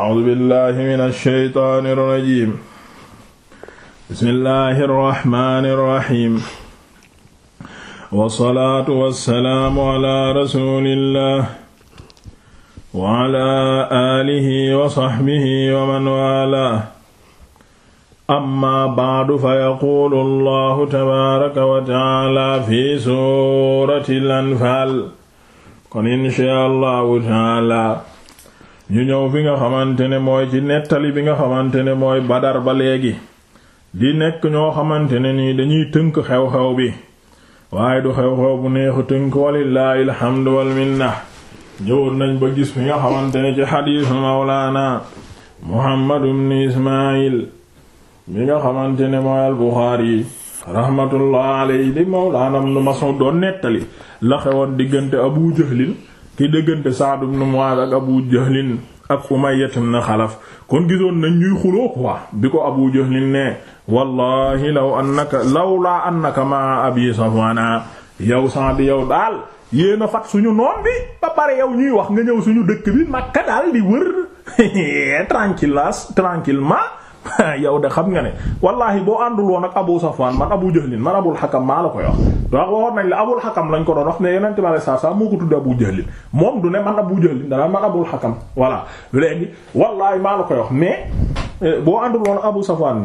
a'uuzu billahi mina shaytaani rajiim bismillahi rahmaani rahiim wasalaatu wasalaamu ala rasulillah wa ala aalihi wa sahbihi wa man waalaahu amma ba'du fa yaquulu allahu tabaaraka wa taala fi suuratil anfaal kon inshaa allahu taala ñu ñëw fi nga xamante ne mooy ci nettali bi nga xamante ne mooy badar ba léegi di nekk ñoo xamante ne nii dañuy tënk xew-xew bi waaye du xew-xew bu neexu tënk walillaahi alhamdu wal minna ñëwoon nañ ba gis fi nga xamante ne ci xadiisu mawlaana muhammadu bnu ismaayil bi nga xamante ne mooy al buxaari rahmatullah alayhi di mawlaana ibnu mas'ud doon nettali la xewoon diggante abu jahlin ki dëggante Sa'd ibn Mu'adh ak Abu Jahlin ak Umayya ibn Xalaf kon gisoon nañ ñuy xuloo quoi bi ko Abu Jahlin ne wallahi law annaka lawlaa annaka ma ab abi Safwana yow Sa'd yow daal yéen a fat suñu noon bi ba pare yow ñuy wax nga ñëw suñu dëkk bi Makka daal di wër tranquillas tranquillement yow de xam nga ne wallahi boo àndul woon ak Abu Safwan man Abu Jahlin man Abul Hakam maa la koy wax wax waxoon nañ la Abul Hakam lañ ko doon wax ne yonente ma la saa saa moo ko tudd Abu Jahlin moom du ne man Abu Jahlin dana man Abul Hakam voilà léegi wallahi maa la koy wax mais euh, boo àndul woon ak Abu Safwan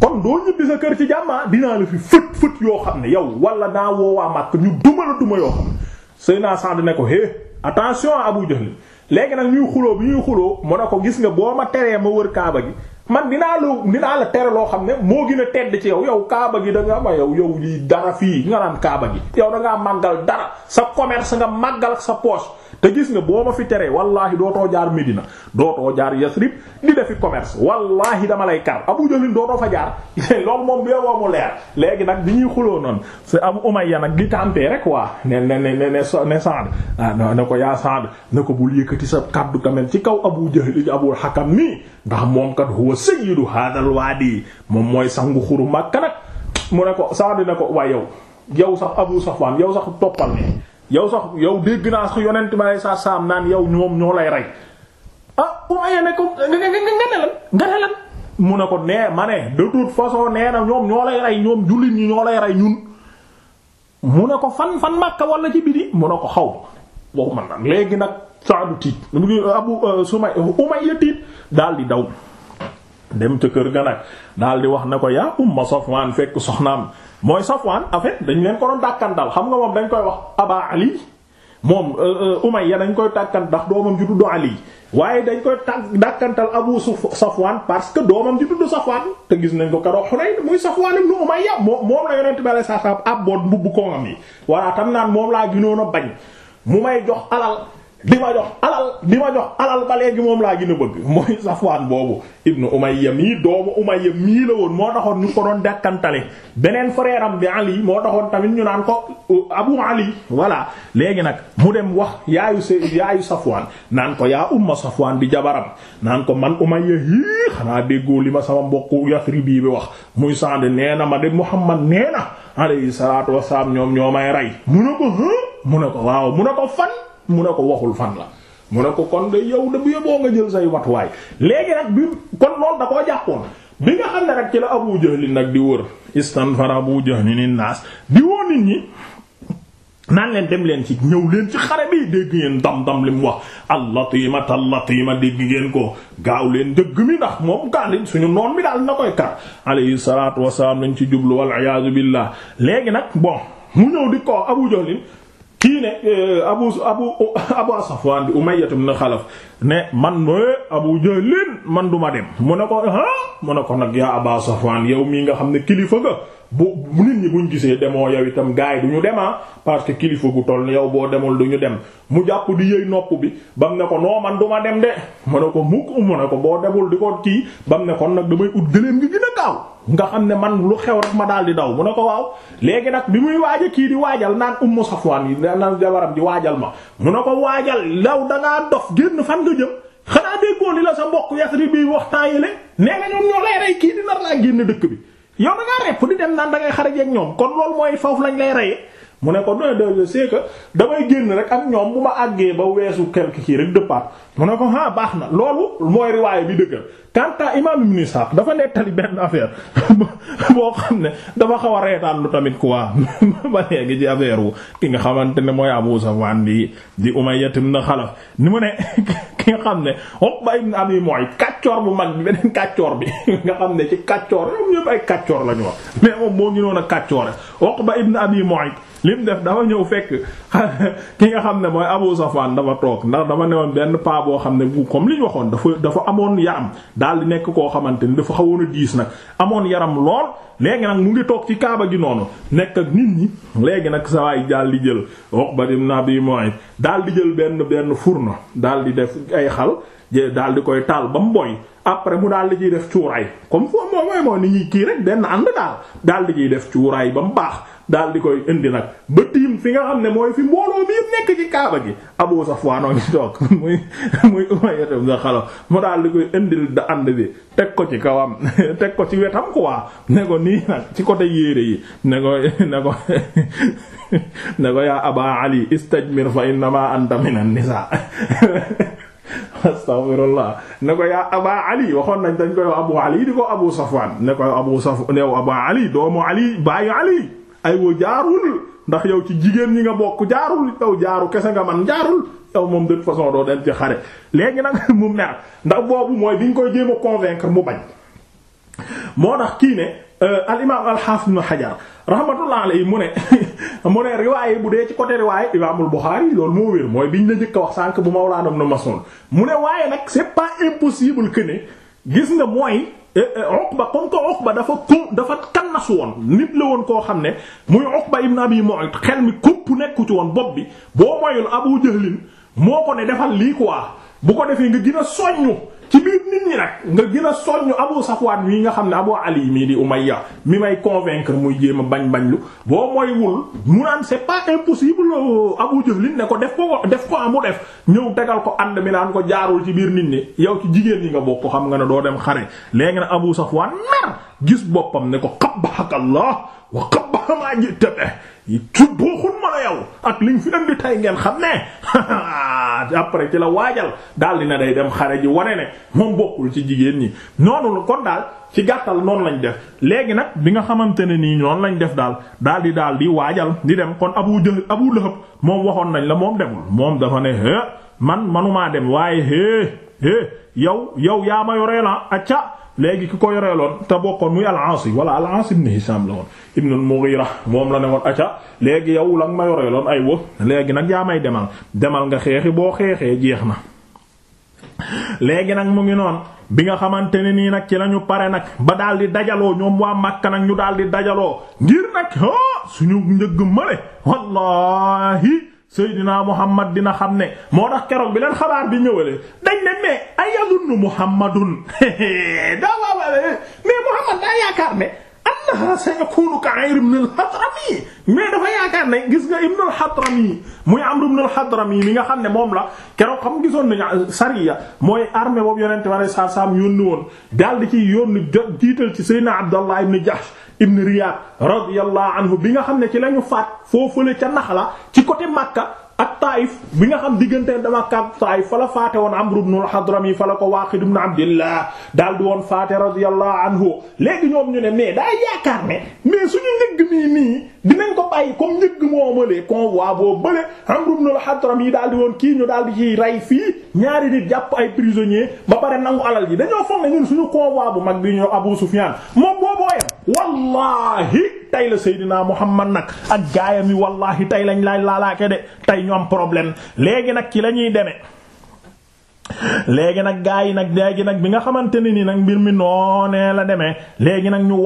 kon doo ñibbi kër ci jàmmaa ah, dinaa la fi fët fët yoo xam ne yow walla naa woowaa màkk ñu duma la duma yoo xam ne sëy naa sand ne ko é attention Abu Jahlin léegi nag ñuy xuloo bi ñuy xuloo mu ne ko gis nga boo ma teree ma wër kaaba gi man dinaa la dinaa la tere loo xam ne moo gën a tedd ci yow yow kaaba gi da nga ma yow yow lii dara fii nga naan kaaba gi yow da ngaa màggal dara sa commerce nga màggal sa poche te gis nga boo ma fi teree wallaahi dootoo jaar Medina dootoo jaar Yasrib di defi commerce wallaahi dama lay kar Abu Jahl dootoo fa jaar loolu moom bu yowoo mu leer léegi nag bi ñuy xuloo noonu c'est Abu Umayya nag di tàmpee rek waa ne ne ne ne ne ne ah, ko yaa Saad ne ko bul yëkkati sa kaddu tamit ci kaw Abu Jahl Abu Hakam nii ndax moom kat huwa sayyidu hadal waadi moom mooy sangu xuru Makka nag mu ne ko Saad ne ko waa yow yow sax Abu Safwan yow sax toppal yow sax yow dégg naa sax yonent bi aleyhi salaatu naan yow ñoom ñoo lay rey ah Umayya ne ko nga nga ne lan nga mu ne ko nee ma ne de toute façon nee na ñoom ñoo lay rey ñoom jullit ñi ñoo lay rey ñun mu ne ko fan fan Makka wala ci biti mu ne ko xaw boo man léegi nag Saadu tiit euh, Abu euh, Sumay Umayya tiit daal di daw dem ca kër ga nag daal di wax na ko yaa Umma Safwan fekk soxnaam mooy Safwan en fait dañ leen ko doon dàkkantal xam nga moom dañ koy wax Aba Ali moom euh, euh, Umayya dañ koy dàkkantal ndax doomam ju tudd Ali waaye dañ koy dàkkantal Abu Safwan parce que doomam ju tudd Safwan te gis nañ ko keroog Hunayn muy Safwan ibn Umayya moom la yonent bi sallallahu alayhi wa sallam mbubb koomam yi voilà tam naan moom laa gënoon a bañ mu may jox alal. di ma jox alal ba léegi moom laa gën a bëgg mooy Safwaan boobu ibnu Umayya mii doomu Umayya mii la woon moo taxoon ñu ko doon dàkkantale beneen frère am bi Ali moo taxoon tamit ñu naan ko euh, Abu Ali voilà léegi nag mu dem wax yaayu sa yaayu Safwaan naan ko yaa umma Safwaan bi jabaram naan ko man Umayya hii xanaa déggoo li ma sama mbokku Yasrib bii bi wax muy sand nee na ma de Muhammad nee na alayhi salaatu wassalaam ñoom ñoo may rey mu ne ko hë ko mu ne ko fan mu ne ko waxul fan la mu ne ko kon de yow de bu yeboo nga jël say watuwaay léegi nag bi kon loolu da koo jàppoon bi nga xam ne rek ci la Abu Jahl nag di wër istanfara Abu Jahl ni naas di woo nit ñi naan leen dem leen ci ñëw leen ci xare bi dégg ngeen dam-dam li mu wax allatima tallatima dégg ngeen ko gaaw leen dëgg mi ndax moom gaalin suñu noon mi daal na koy kar alayhi salaatu wasalaam lañ ci jublu wal iyaazu billah léegi nag bon mu ñëw di kii ne euh, abu abu abu Safwan bi Umayya ibn Xalaf ne man mooy Abu Jahl man duma dem mu ne ko ah mu ne ko nag yaa Aba Safwan yow mii nga xam ne kilifa nga bu nit ñi buñ gisee demoo yow itam gaay du ñu demaa ah, parce que kilifa gu toll yow boo demul du ñu dem mu jàpp di yëy nopp bi mu ne ko noo man du ma dem de mu ne ko mukk mu ne ko boo demul di ko kii bam ne kon nag damay ut gëléem gi gën a gaaw nga xam ne man lu xew rek ma daal di daw mu ne ko waaw léegi nag bi muy waaja kii di waajal naan ummu safwaan yi naan jabaram di waajal ma mu ne ko waajal law da ngaa dof génn fan nga jëm xanaa déggoo li la sa mbokk Yasrib bi waxtaan yi le nee na ñoom ñoo lay dëkk bi yow da ngaa repp di dem naan da ngay xarejeeg ñoom kon loolu mooy foofu lañ lay reye mu ne ko non c'est que damay génn rek ak ñoom bu ma àggee ba weesu quelque kii rek départ mu ne ko ah baax na loolu mooy riwaay bi dëggal quant à imam dafa nettali benn affaire boo xam ne dafa xaw a reetaan lu tamit quoi ba léegi ci affaire wu ki nga xamante ne mooy Abu Safwan bi di Umayya ibn Khalaf ni mu ne ki nga xam ne Uqba ibn Abi Mu'ayt kàccoor bu mag bi beneen kàccoor bi nga xam ne ci kàccoor ñoom ñëpp ay kàccoor la ñu wax mais moom moo ngi noon a kàccoore Uqba ibn Abi Mu'ayt lim def dafa ñëw fekk ki nga xam ne mooy Abu Safwan dafa toog ndax dama newoon benn paa boo xam ne bu comme li ñu waxoon dafa dafa amoon yaram daal di nekk koo xamante ni dafa xawoon a nag amoon yaram lool léegi nag mu ngi toog ci kaaba gi noonu nekk ak nit ñi léegi nag sa waay daal di jël Uqba ibn Abi Mu'ayt daal di jël benn benn fourneau daal di def ay xal daal di koy taal ba mu boy après mu daal di ciy def cuuraay comme foo mooy amoon ni ñuy kii rek benn ànd daal daal di ciy def cuuraay ba mu baax. daal di koy indi nag ba tiim fi nga xam ne mooy fi mbooloo bi nekk ci kaaba gi Abu Safwaan ngi toog muy muy Umayya nga xala mu daal di koy indil da ànd bi teg ko ci kawam teg ko ci wetam quoi ne ko nii nag ci côté yéere yi ne ko ne ko ne ko yaa Aba Ali istajmir fa innama anta minan nisaa astaghfirullah ne ko yaa aba ali waxoon nañ dañ koy abu ali di ko abu safwan ne ko abu saf new aba ali doomu ali baayu ali ay wa jaarul ndax yow ci jigéen yi nga bokk jaarul yow jaaru kese nga man jaarul yow moom de toute façon doo dem ci xare léegi nag mu mer ndax boobu mooy bi ñu koy jéem a mu bañ moo tax kii ne euh, al imaam al hafiz ibn hajar yi mu ne mu ne riwaay bu dee ci côté riwaay imaamul Buxaari loolu moo wér mooy biñ la njëkk wax sànq bu Mawlaana Ibn Mas'ud mu ne waaye nag c'est pas impossible que ne gis nga mooy Eh, eh, Uqba comme que Uqba dafa ko dafa kannas woon nit la woon koo xam ne muy Uqba ibn Abi Mu'ayt xel mi kupp nekku ci woon bopp bi boo moyul Abu Jahlin moo ko ne defal lii quoi bu ko defee nga gën a soññu ci biir nit ñi nag nga gën a soññ Abu Safwan mii nga xam ne Abu Ali mii di Umayya mi may convaincre muy jéem a bañ bañ lu boo mooy wul mu naan c'est pas impossible euh, Abu Jahl ne ko def ko def ko amu def ñëw tegal ko ànd mi naan ko jaarul ci biir nit ñi yow ci jigéen yi nga bokk xam nga ne doo dem xare léegi nag Abu Safwan mer gis boppam ne ko qabbahakallah wa qabbaha ma jita su booxun ma la yow ak liñ fi indi tay ngeen xam ne après ci la waajal daal dina day dem xare ji wane ne moom bokkul ci jigéen ñi noonu kon daal ci gàttal noonu lañ def léegi nag bi nga xamante ne nii noonu lañ def daal daal di daal di waajal di dem kon Abu Jahl Abu Lahab moom waxoon nañ la moom demul moom dafa ne man manumaa dem waaye é é yow yow yaa ma yoree la acca léegi ki ko yoreeloon te bokkoon muy al-Aas wala al-Aas ibn Hishaam la woon ibn al-Mughira moom la ne woon aca léegi yow la ma yoreeloon ay wo léegi nag yaa may demal demal nga xeexi boo xeexee jeex na léegi nag mu ngi noon bi nga xamante ne nii nag ci lañu ñu pare nag ba daal di dajaloo ñoom waa Makka nag ñu daal di dajaloo ngir nag ah suñu njëgg male wallahi Seydina Muhammad dina xam ne moo tax keroog bi leen xabaar bi ñëwale dañ ne mais ayadunnu Muhammadun daa waawaawe mais Muhammad daa yaakaar ne annaha sayakunu ka'ir ibn al-Hadrami mais dafa yaakaar ne gis nga ibn al-Hadrami muy Amr ibn al-Hadrami mi nga xam ne moom la keroog xam gisoon nañu sariya mooy armée boobu yonente ma ne sa sam yónni woon daal di ciy yónni jiital ci Seydina Abdallah ibn Jahsh ibn Riyad radiyallahu bi nga xam ne ci la ñu foo foofule ca Naxla ci côté Makka ak Taif bi nga xam diggante dama kàddu Taif fa la faate woon Amr ibn al-Hadrami fa la ko Waaqid ibn Abdillah daal di woon faate radiyallahu anhu léegi ñoom ñu ne mais daa yaakaar ne mais suñu njëgg mii nii. dinañ ko bàyyi comme njëgg moo malee convoi boo bële Amr ibn al-Hadram yi daal woon kii ñu daal di ciy rey fii ñaari nit jàpp ay prisonnier ba pare nangu alal ji dañoo foog ne ñun suñu convoi bu mag bi ñu Abu Sufyan moom booboo yem wallahi tay la Seydina Muhammad nag ak gaayam yi wallahi tay lañ laaj laalaake de tay ñoom am léegi nag ci lañuy ñuy demee léegi nag gaa yi nag léegi nag bi nga xamante ne ni nag mbir mi noonee la demee léegi nag ñu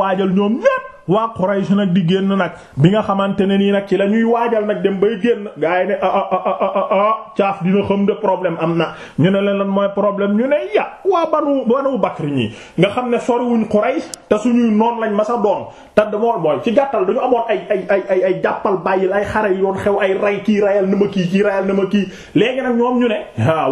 waa Quraysh nag di génn nag bi nga xamante ne nii nag ci la ñuy waajal nag dem bay génn gaa yi ne ah ah ah caaf ah, ah, ah, dina xam de problème am na ñu ne leen lan mooy problème ñu ne ya waa banu banu Bakri ñi nga xam ne soriwuñ Quraysh te suñuy noon lañ ma sa doon te damoo mooy ci gàttal dañu amoon ay ay ay ay ay jàppal bàyyil ay xare yoon xew ay rey kii rayal na ma kii kii rayal na ma kii léegi nag ñoom ñu ne ah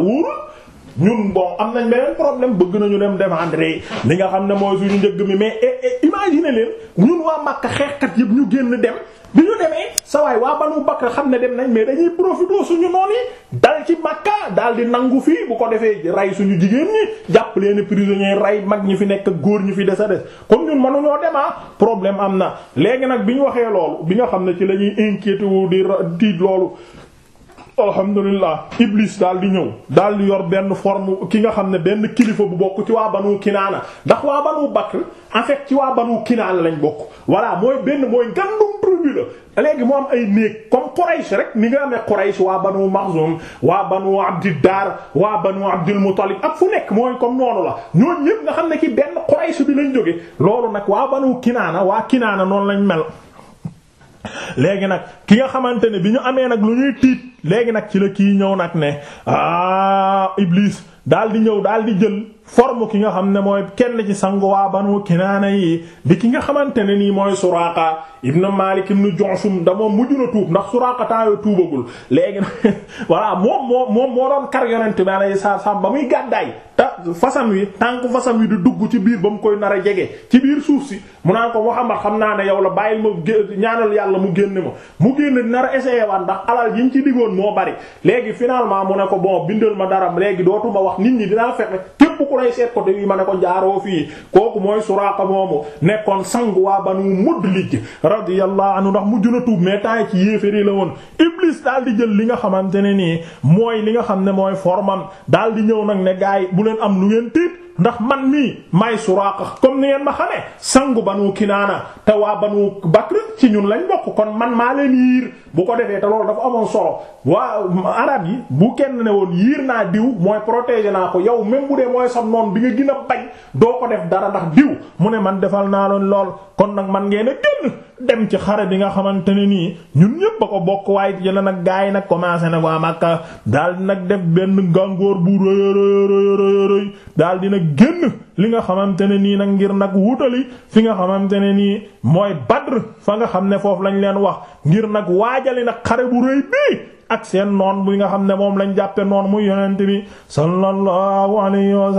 ñun bon am nañ beneen problème bëgg nañu dem défendre li nga xam ne mooy suñu njëgg mi mais imagine leen ñun waa Makka xeexkat yëpp ñu génn dem bi ñu demee sa waay waa Banu Bakr xam ne dem nañ mais dañuy profité suñu noon yi dal ci Makka daal di nangu fii bu ko defee ray suñu jigéen ñi jàpp leen prisonniers rey mag ñi fi nekk góor ñi fi des des comme ñun mënuñoo dem demaa ah, problème am na léegi nag bi ñu waxee loolu bi nga xam ne ci la ñuy inquiété wu di tiit loolu alhamdulilah Iblis daal di ñëw daal di yor benn forme ki nga xam ne benn kilifa bu bokk ci waa banu kinaana ndax waa banu Bakr en fait ci waa banu kinaana lañ bokk voilà mooy benn mooy ngandum tribu la léegi moo am ay néeg comme Quraysh rek ni nga amee Quraysh waa banu Maxzum waa banu Abdiddar waa banu Abdul Muttalib ak fu nekk mooy comme noonu la ñooñu ñëpp nga xam ne ci benn Quraysh bi lañ jóge loolu nag waa banu kinaana waa kinaana noonu lañ mel. léegi nag ki nga xamante ne bi ñu amee nag lu ñuy tiit léegi nag ci la kii ñëw nag ne ah Iblis daal di ñëw daal di jël forme ki nga xam ne mooy kenn ci sanguwaa banu kinaana yi bi ki nga xamante ne nii mooy Suraaqa ibn Maalik ibn Ju'shum da moom mujj na tuub ndax Suraaqa taayoo tuubagul léegi nag voilà moom moo moom moo doon kar yonent bi alayhi salaam ba muy gàddaay fasam wi tànk fasam wi di dugg ci biir ba mu koy nar jege ci biir suuf si mu naan ko Muhammad xam naa ne yow la bàyyil ma ñaanal yàlla mu génn ma mu génn nar a essayé waan ndax alal yi ñu ci diggoon moo bari léegi finalement mu ne ko bon bindal ma dara léegi dootuma wax nit ñi dinaa fexe képp ku lay seet ko te yi ma ne ko jaaroo fii kooku mooy Suraaqa moomu nekkoon sangu waa Banu Mudlij radiyallahu anhu ndax mujj na tuub mais temps ci yéeféri la woon Iblis daal di jël li nga xamante ne nii mooy li nga xam ne mooy formam daal am lu ngeen tiit ndax man mii may Suraaqa comme ni ngeen ma xamee sangu ba banu Kinaana te waa ba banu Bakr ci ñun lañ bokk kon man maa leen yiir bu ko defee te loolu dafa amoon solo waa arab yi bu kenn ne woon yiir naa diw mooy protéger naa ko yow même bu dee mooy sam noon bi nga gën a bañ doo ko def dara ndax diw mu ne man defal naa loon lool kon nag man ngeen a dem ci xare bi nga xamante ne nii ñun ñëpp ba ko bokk waaye ci la nag gaay nag commencé na waa Makka daal di nag def benn gàngoor bu rëy rëy rëy rëy daal di nag génn li nga xamante ne nii nag ngir nag wutali fi nga xamante ne nii mooy Badr fa nga xam ne foofu lañ leen wax ngir nag waajali nag xare bu rëy bii ak seen noon bi nga xam ne moom lañ jàppe noon muy yonent bi sallallahu alayhi wa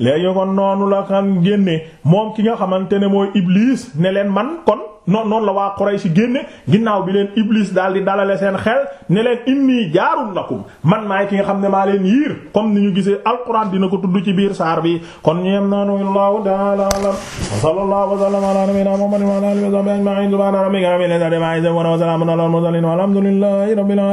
léegi kon noonu la xam génne moom ki nga xamante ne mooy Iblis ne leen man kon noon noonu la waa Quraysh génne ginnaaw bi leen Iblis daal di dalale seen xel ne leen inni jaarul lakum man maay ki nga xam ne maa leen yiir comme ni ñu gisee alquran dina ko tudd ci biir saar bi kon ñu yem noonu wallahu ta'ala a'lam wa sallallahu wa sallama ala nabiyyina muhammadin wa ala alihi wa sahbihi ajma'in subhana rabbika rabbil izzati amma yasifun wa salamun ala al mursalin